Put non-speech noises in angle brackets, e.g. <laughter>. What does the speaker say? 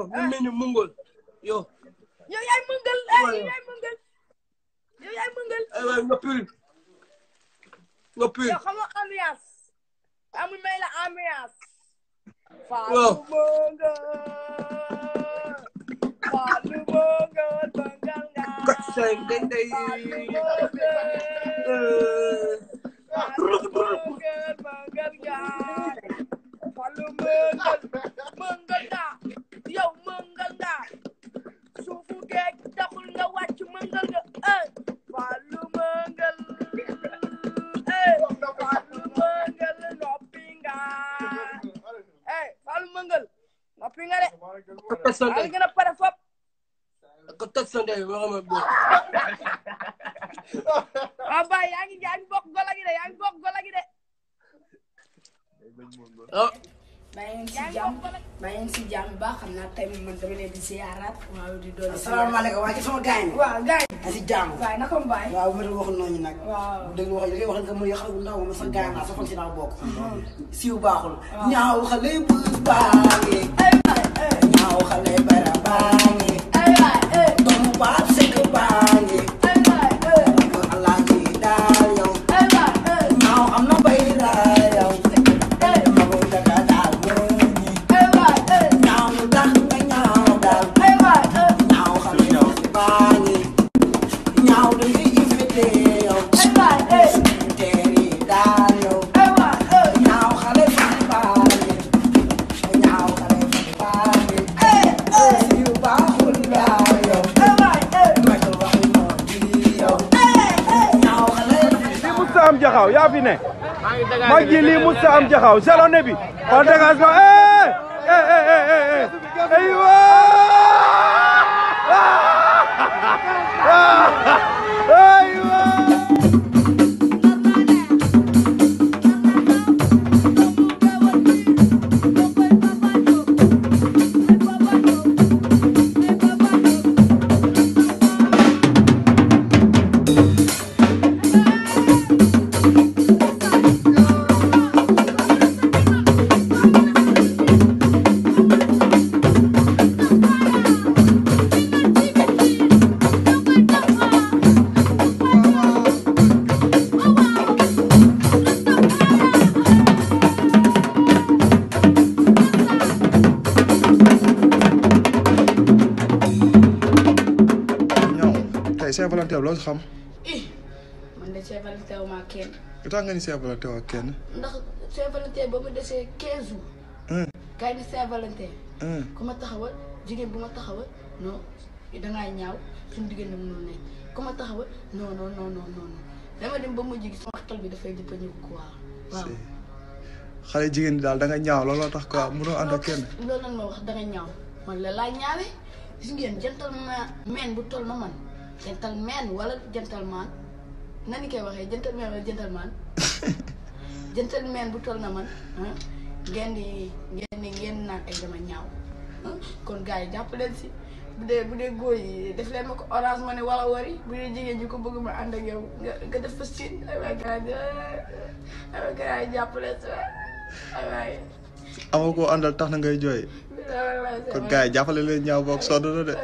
yow ñu mel ni mungol yow. yow yaay mëngal eh, ay yow yaay mëngal. yow yaay mëngal. aywa eh, nga piri nga piri. yow xam nga ambiance. amu may la ambiance. waaw Fallou Bongo. Fallou Bongo bangal nga. kat say ngay day. Fallou Bongo bangal nga. ngal noppi nga de. maa ngi gën a pare fop. ko toj sa ndey ma xam ne. waaw baay yaa ngi yaa ngi bokk golo gi de yaa ngi bokk golo gi de. ba ngeen si jàmm ba ngeen si jàmm baax xam naa tey man dama leen di ziaraat waaw di doon asalaamaaleykum waaye ci sama gars yi waaw gars si jàmm waaye naka mu bàyyi waaw ma wax noonu nag waaw bu dégg wax li ngay wax nga mooy xaw ndaw ma naa sa si naa mm-hmm. baaxul ñaaw xale bu ñaaw xale bara baax jaxaw yaa fi ne mag ji lii mos a am jaxaw jalone bi en dégagement eh eh eh Saint-Valentin loo xam. man de Saint-Valentin ma kenn. lu tax nga ni Saint-Valentin ak kenn. ndax Saint-Valentin ba mu desee 15 jours. kaay ni Saint-Valentin. ku ma taxawal jigéen bu ma taxawal non dangaa ñaaw suñu diggante mënul nekk ku ma taxawal non non non non non dama dem ba mujj gi sama xel bi dafay jëpp a ñëw quoi waaw. xale jigéen ñi daal da nga ñaaw looloo tax quoi ah, munoo ànd ak kenn. loolu lan ma wax da nga ñaaw man la laa ñaawee gis ngeen jantal ma meen bu toll na man. gentleman wala gentleman nan koy waxee gentleman wala gentleman <laughs> gentleman bu toll na man ah, ngeen di ngeen di ngeen naan ay dama ñaaw ah, kon gars yi jàpp si bu dee bu dee def ma ko orange ma ne jigéen ñi ko bëgg ma ànd ak yow àndal tax na ngay jooy kon gars yi jàppale leen ñaaw boog sonn na de